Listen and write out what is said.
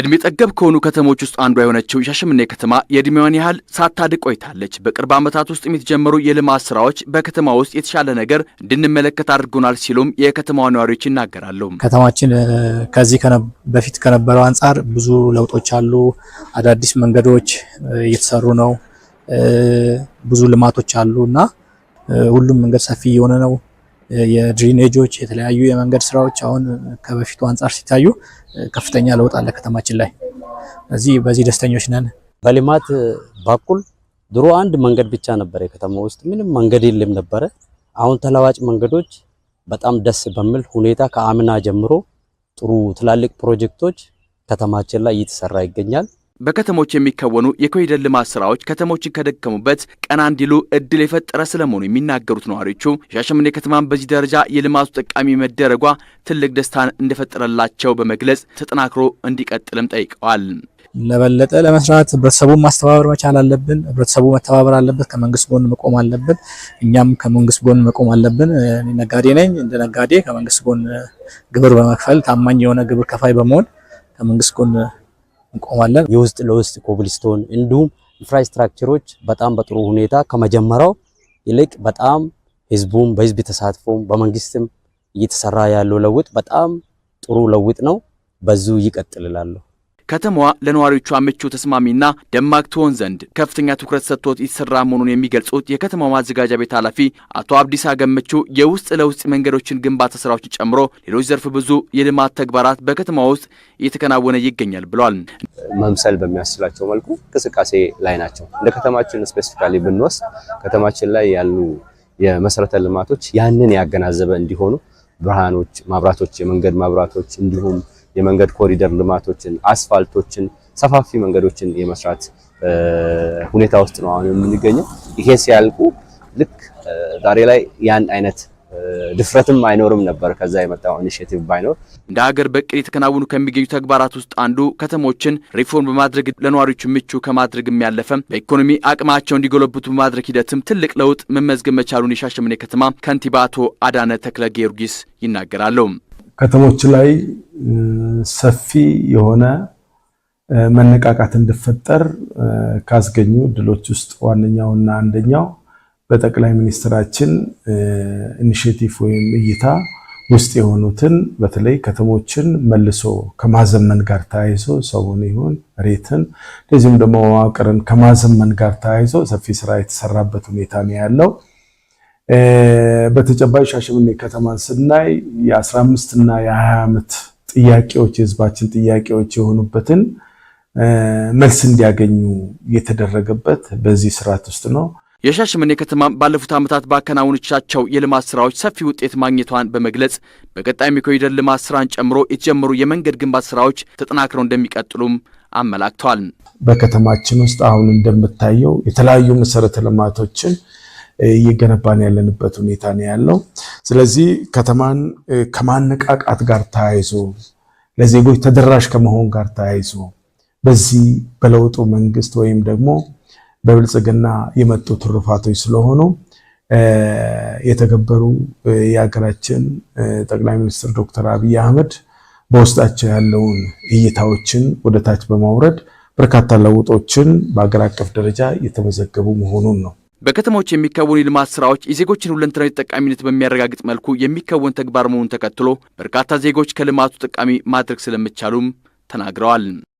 እድሜ ጠገብ ከሆኑ ከተሞች ውስጥ አንዷ የሆነችው ሻሸመኔ ከተማ የእድሜዋን ያህል ሳታድግ ቆይታለች። በቅርብ ዓመታት ውስጥ የተጀመሩ የልማት ስራዎች በከተማ ውስጥ የተሻለ ነገር እንድንመለከት አድርጎናል ሲሉም የከተማዋ ነዋሪዎች ይናገራሉ። ከተማችን ከዚህ በፊት ከነበረው አንጻር ብዙ ለውጦች አሉ። አዳዲስ መንገዶች እየተሰሩ ነው። ብዙ ልማቶች አሉ እና ሁሉም መንገድ ሰፊ እየሆነ ነው። የድሪኔጆች የተለያዩ የመንገድ ስራዎች አሁን ከበፊቱ አንጻር ሲታዩ ከፍተኛ ለውጥ አለ ከተማችን ላይ። እዚህ በዚህ ደስተኞች ነን። በልማት በኩል ድሮ አንድ መንገድ ብቻ ነበረ፣ ከተማ ውስጥ ምንም መንገድ የለም ነበረ። አሁን ተለዋጭ መንገዶች በጣም ደስ በሚል ሁኔታ ከአምና ጀምሮ ጥሩ ትላልቅ ፕሮጀክቶች ከተማችን ላይ እየተሰራ ይገኛል። በከተሞች የሚከወኑ የኮሪደር ልማት ስራዎች ከተሞችን ከደከሙበት ቀና እንዲሉ እድል የፈጠረ ስለመሆኑ የሚናገሩት ነዋሪዎቹ የሻሸመኔ ከተማን በዚህ ደረጃ የልማቱ ጠቃሚ መደረጓ ትልቅ ደስታን እንደፈጠረላቸው በመግለጽ ተጠናክሮ እንዲቀጥልም ጠይቀዋል። ለበለጠ ለመስራት ህብረተሰቡን ማስተባበር መቻል አለብን። ህብረተሰቡ መተባበር አለበት። ከመንግስት ጎን መቆም አለብን። እኛም ከመንግስት ጎን መቆም አለብን። ነጋዴ ነኝ። እንደ ነጋዴ ከመንግስት ጎን ግብር በመክፈል ታማኝ የሆነ ግብር ከፋይ በመሆን ከመንግስት ጎን እንቆማለን። የውስጥ ለውስጥ ኮብልስቶን እንዲሁም ኢንፍራስትራክቸሮች በጣም በጥሩ ሁኔታ ከመጀመሪያው ይልቅ በጣም ህዝቡም በህዝብ ተሳትፎም በመንግስትም እየተሰራ ያለው ለውጥ በጣም ጥሩ ለውጥ ነው። በዙ ይቀጥልላለሁ። ከተማዋ ለነዋሪዎቿ ምቹ ተስማሚና ደማቅ ትሆን ዘንድ ከፍተኛ ትኩረት ሰጥቶት የተሰራ መሆኑን የሚገልጹት የከተማው ማዘጋጃ ቤት ኃላፊ አቶ አብዲስ ገመቹ የውስጥ ለውስጥ መንገዶችን ግንባታ ስራዎችን ጨምሮ ሌሎች ዘርፍ ብዙ የልማት ተግባራት በከተማ ውስጥ እየተከናወነ ይገኛል ብሏል መምሰል በሚያስችላቸው መልኩ እንቅስቃሴ ላይ ናቸው። እንደ ከተማችን ስፔሲፊካሊ ብንወስድ ከተማችን ላይ ያሉ የመሰረተ ልማቶች ያንን ያገናዘበ እንዲሆኑ ብርሃኖች፣ መብራቶች፣ የመንገድ መብራቶች እንዲሁም የመንገድ ኮሪደር ልማቶችን፣ አስፋልቶችን፣ ሰፋፊ መንገዶችን የመስራት ሁኔታ ውስጥ ነው አሁን የምንገኘው። ይሄ ሲያልቁ ልክ ዛሬ ላይ ያን አይነት ድፍረትም አይኖርም ነበር። ከዛ የመጣው ኢኒሽቲቭ ባይኖር እንደ ሀገር በቅድ የተከናወኑ ከሚገኙ ተግባራት ውስጥ አንዱ ከተሞችን ሪፎርም በማድረግ ለነዋሪዎቹ ምቹ ከማድረግ የሚያለፈ በኢኮኖሚ አቅማቸው እንዲጎለብቱ በማድረግ ሂደትም ትልቅ ለውጥ መመዝገብ መቻሉን የሻሸመኔ ከተማ ከንቲባ አቶ አዳነ ተክለ ጊዮርጊስ ይናገራሉ። ከተሞች ላይ ሰፊ የሆነ መነቃቃት እንዲፈጠር ካስገኙ ድሎች ውስጥ ዋነኛውና አንደኛው በጠቅላይ ሚኒስትራችን ኢኒሽቲቭ ወይም እይታ ውስጥ የሆኑትን በተለይ ከተሞችን መልሶ ከማዘመን ጋር ተያይዞ ሰውን ይሁን ሬትን እንደዚሁም ደግሞ መዋቅርን ከማዘመን ጋር ተያይዞ ሰፊ ስራ የተሰራበት ሁኔታ ነው ያለው። በተጨባጭ ሻሸመኔ ከተማን ስናይ የ15 እና የ20 ዓመት ጥያቄዎች የህዝባችን ጥያቄዎች የሆኑበትን መልስ እንዲያገኙ የተደረገበት በዚህ ስርዓት ውስጥ ነው። የሻሸመኔ ከተማ ባለፉት ዓመታት ባከናወነቻቸው የልማት ስራዎች ሰፊ ውጤት ማግኘቷን በመግለጽ በቀጣይም የኮሪደር ልማት ስራን ጨምሮ የተጀመሩ የመንገድ ግንባታ ስራዎች ተጠናክረው እንደሚቀጥሉም አመላክተዋል። በከተማችን ውስጥ አሁን እንደምታየው የተለያዩ መሰረተ ልማቶችን እየገነባን ያለንበት ሁኔታ ነው ያለው። ስለዚህ ከተማን ከማነቃቃት ጋር ተያይዞ ለዜጎች ተደራሽ ከመሆን ጋር ተያይዞ በዚህ በለውጡ መንግስት ወይም ደግሞ በብልጽግና የመጡ ትሩፋቶች ስለሆኑ የተከበሩ የሀገራችን ጠቅላይ ሚኒስትር ዶክተር አብይ አህመድ በውስጣቸው ያለውን እይታዎችን ወደ ታች በማውረድ በርካታ ለውጦችን በአገር አቀፍ ደረጃ የተመዘገቡ መሆኑን ነው። በከተሞች የሚከወኑ የልማት ስራዎች የዜጎችን ሁለንተናዊ ተጠቃሚነት በሚያረጋግጥ መልኩ የሚከወን ተግባር መሆኑን ተከትሎ በርካታ ዜጎች ከልማቱ ተጠቃሚ ማድረግ ስለመቻሉም ተናግረዋል።